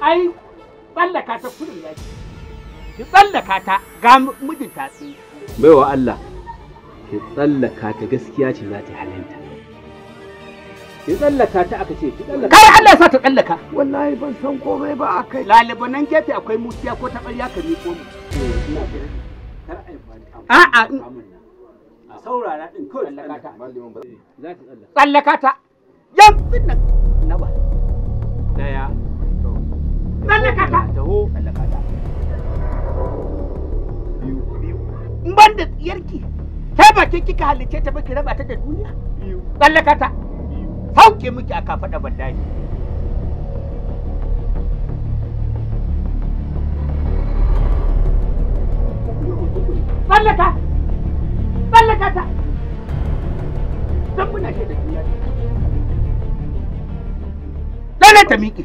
ai tsallaka ta kudin yaki ki tsallaka ta ga mijin ta tsi baiwa Allah ki tsallaka ta gaskiya ce za ta halinta ki tsallaka ta aka ce ki tsallaka kai Allah ya sa ta tsallaka wallahi ban san komai ba akai lalibanan gefe akwai mutiya ko ta ƙarya ka ko mu a'a saurara din kawai tsallaka ta tsallaka ta yanzu nan ba daya in ban da tsiyarki ta bakin kika halice ta baki raba ta da duniya tsallaka ta sauke miki a kafaɗa bandani tsallaka tsallaka ta zan muna shi da duniya dole ta miƙe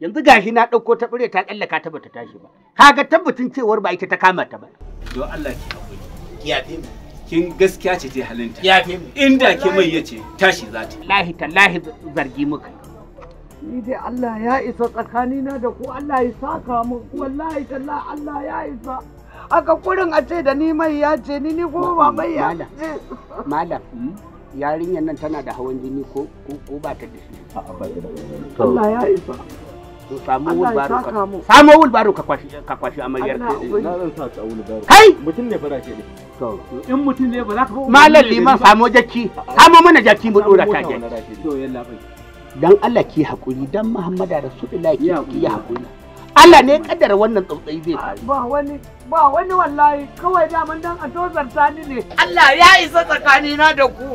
yanzu gashi na ɗauko ta ɓure ta tsallaka ta bata tashi ba kaga tabbatin cewar ba ita ta kama ta ba don Allah ki haƙuri ki yafe mu kin gaskiya ce ce halinta yafe mu inda ke mai yace tashi za ta lahi tallahi zargi muka ni dai Allah ya isa tsakanina da ku Allah ya saka mu wallahi tallahi Allah ya isa aka kurin a ce da ni mai ya ce ni ni kuma ba mai ya malam yarinyar nan tana da hawan jini ko ba ta da shi Allah ya isa to samu wulbaro ka samu wulbaro ka kwashi ka kwashi amaryar ka na zan sa ta wulbaro kai mutum ne fara ke to in mutum ne ba za ka malam liman samu jakki samu mana jakki mu dora ta jakki to yalla bai dan Allah ki hakuri dan Muhammadu Rasulullahi ki hakuri Allah ne kaddara wannan tsautsayi zai faru. Ba wani ba wani wallahi kawai daman dan a tozarta ni ne. Allah ya isa tsakanina da ku.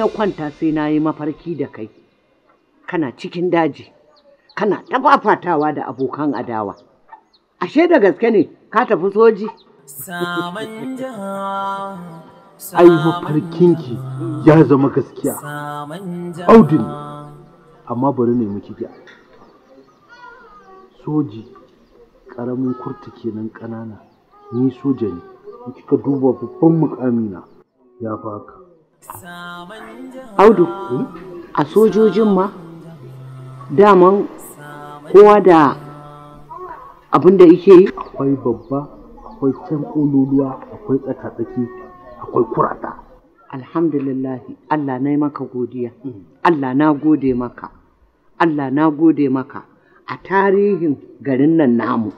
na kwanta sai na yi mafarki da kai kana cikin daji kana ta fafatawa da abokan adawa ashe da gaske ne ka tafi soji ai mafarkinki ya zama gaskiya audin amma bari ne muke gya soji ƙaramin kurta kenan ƙanana ni soja ne kika duba babban mukamina ya fi haka Audu, a sojojin ma daman kowa da abin da yake yi? Akwai babba, akwai can ƙololuwa, akwai tsaka-tsaki, akwai kurata. alhamdulillah Allah na maka godiya, Allah na gode maka, Allah na gode maka a tarihin garin nan namu.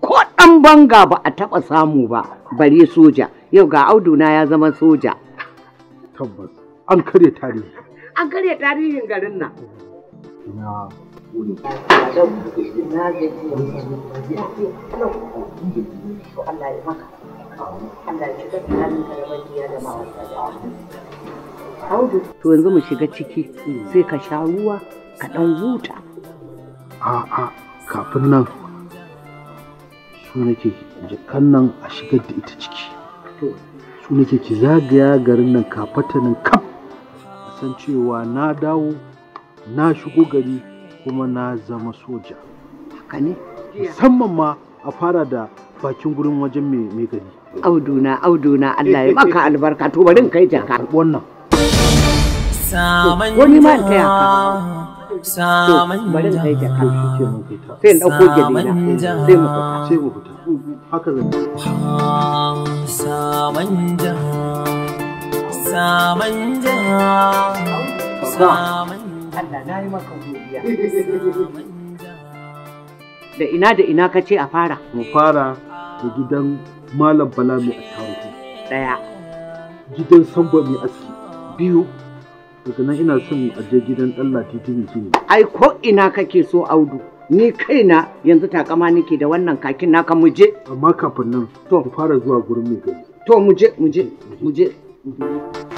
Ko ɗan banga ba a taɓa samu ba, bare soja, yau ga Audu na ya zama soja. Tabbas an karya tarihi. An karya tarihin garin nan. To yanzu mu shiga ciki sai ka sha ruwa ka ɗan huta. A'a kafin nan su nake jikan nan a shigar da ita ciki. ne ce ki zagaya garin nan kafatanin kaf san cewa na dawo na shigo gari kuma na zama soja haka ne musamman ma a fara da bakin gurin wajen mai gari auduna auduna Allah ya maka albarka to bari kai jaka wannan wani ma ta kai jaka sai in dauko gidina sai mu fita sai mu fita haka da ina da ina ka ce a fara mu fara da gidan malam bala mai attaruhu daya gidan sambo mai aski biyu daga nan ina son a je gidan ɗan latiti mai ai ko ina kake so audu ni kai na yanzu takama nake da wannan kakin naka muje. Amma kafin nan, to fara zuwa gurin mai gari. To muje, muje, muje. muje.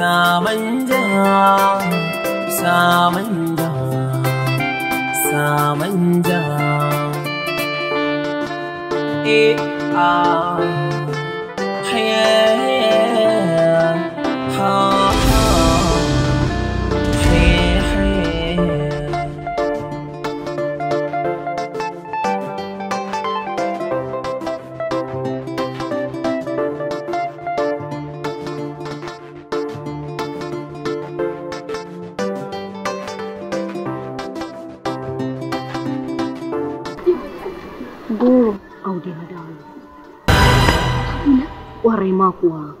samanja samanja samanja e a ha ha Kwarai ma kuwa.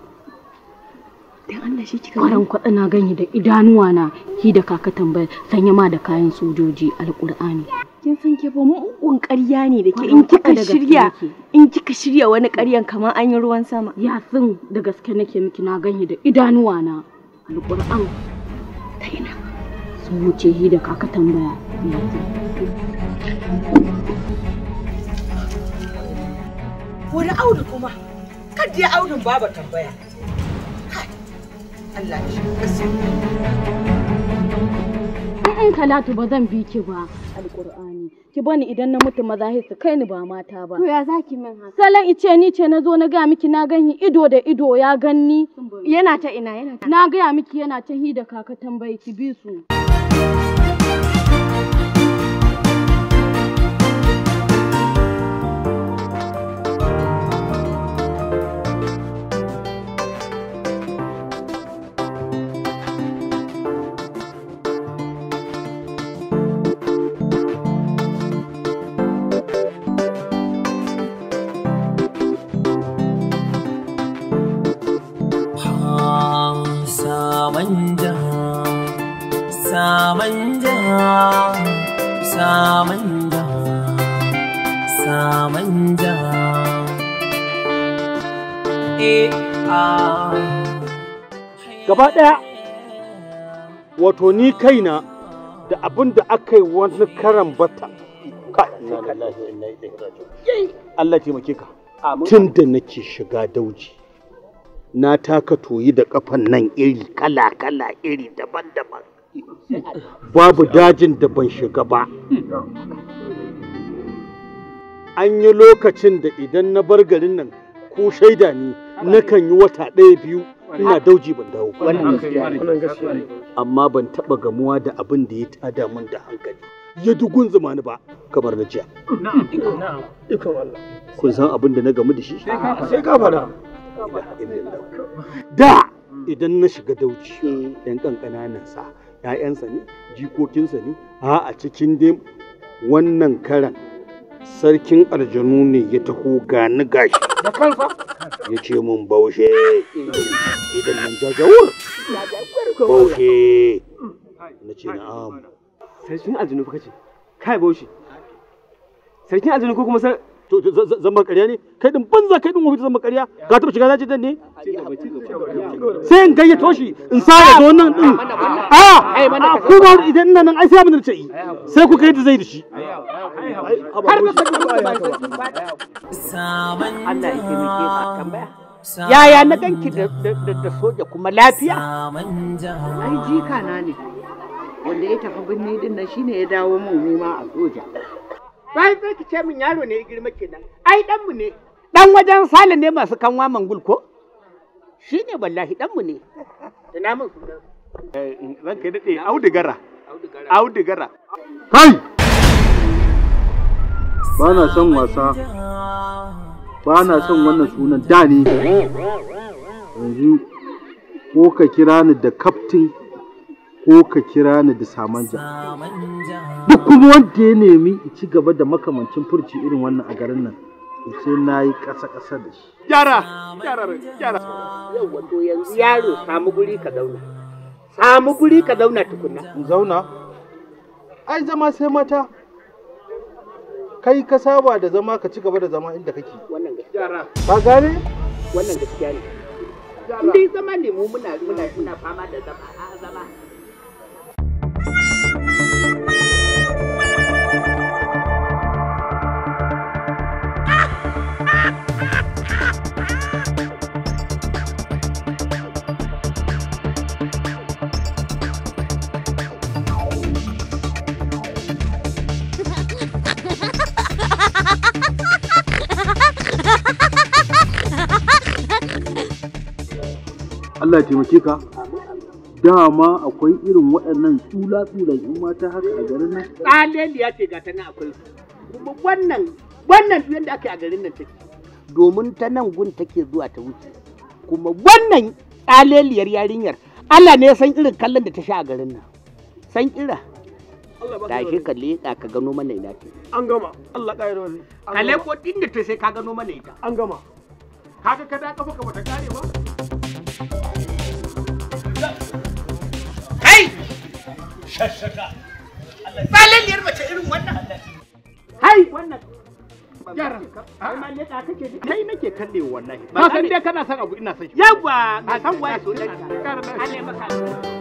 Dan Allah shi kika kwaran kwada na ganye da idanuwa na ki da kaka tambaya sanya ma da kayan sojoji alqur'ani Kin san ke ba mugun ƙarya ne da ke in kika shirya in kika shirya wani ƙaryan kamar an yi ruwan sama. Ya sun da gaske nake miki na ganye da idanuwa na alqur'an ta ina. Sun wuce hi da kaka tambaya. Wani audu kuma. kan je audun babu tambaya Allah shi in talatu ba zan bi ki ba Alƙur'ani, ki bani idan na mutu maza su kai ni ba mata ba to ya zaki min haka salan ice ni ce nazo na ga miki na gani ido da ido ya ganni yana ta ina yana ta na ga miki yana ta hi da kaka tambayi ki bi su gaba ɗaya wato ni kaina da abin da aka yi wani karan bata Allah taimake ka tun da nake shiga dauji na taka toyi da kafan nan iri kala-kala iri daban-daban babu dajin da ban shiga ba an yi lokacin da idan na bar garin nan ko shaida ne nakan yi wata ɗaya biyu ina dauji ban dawo amma ban taba gamuwa da abin da ya tada min da hankali ya dugun zamani ba kamar na jiya kun san abin da na gamu da shi sai ka fada da mm. idan na shiga dauji yan kankana nan sa ƴaƴansa ne jikokinsa ne a a cikin dem wannan karan sarkin aljanu ne ya taho gani gashi da kansa ya ce mun baushe mm. idan nan jajawur baushe na ce na'am sarkin aljinu fa kace kai baushe sarkin aljinu ko kuma san to zama ƙarya ne kai din banza kai din wani zama ƙarya ka taɓa shiga daji dan ne sai in gayyato shi in sa da wannan din a ku ba idan ina nan ai sai mun ce sai ku kai da zai da shi har da sabon Allah ya taimake ka tambaya yaya na ganki da soja kuma lafiya ai jika na ne wanda ya tafi birni din nan shine ya dawo mun nema a soja bayan sai ki ce min yaro ne girma kenan ai dan mu ne dan wajen sale ne masu kanwa mangul ko shine wallahi dan mu ne Ina mun kuma. Eh, ran kai dade audigara audigara kai ba na son wasa ba na son wannan sunan da ne yanzu ko ka kira ni da kaftin ko ka kira ni da samanja duk kuma wanda ya nemi ci gaba da makamancin furci irin wannan a garin nan sai na yi ƙasa-ƙasa da shi gyara gyara gyara yau wato yanzu yaro samu guri ka zauna samu guri ka zauna tukunna zauna ai zama sai mata kai ka saba da zama ka ci gaba da zama inda kake wannan gaskiya ba gane wannan gaskiya ne indai zama ne mu muna muna muna fama da zama a zama Allah taimake ka dama akwai irin waɗannan tsula tula yan mata haka a garin nan ya ce gata nan akwai kuma wannan wannan duk yadda ake a garin nan take domin ta nan gun take zuwa ta wuce kuma wannan tsaleliyar yarinyar Allah ne ya san irin kallon da ta sha a garin nan san kira da shi ka leƙa ka gano mana ina ce an gama Allah ƙayar wani ka leƙo din da ta sai ka gano mana ita an gama kaga ka da kafa ka bata kare ba Tsalalliyar mace irin wannan. Hai wannan. ka. Kai nake kalle wallahi. Ba san dai kana son abu ina shi. ka san so ya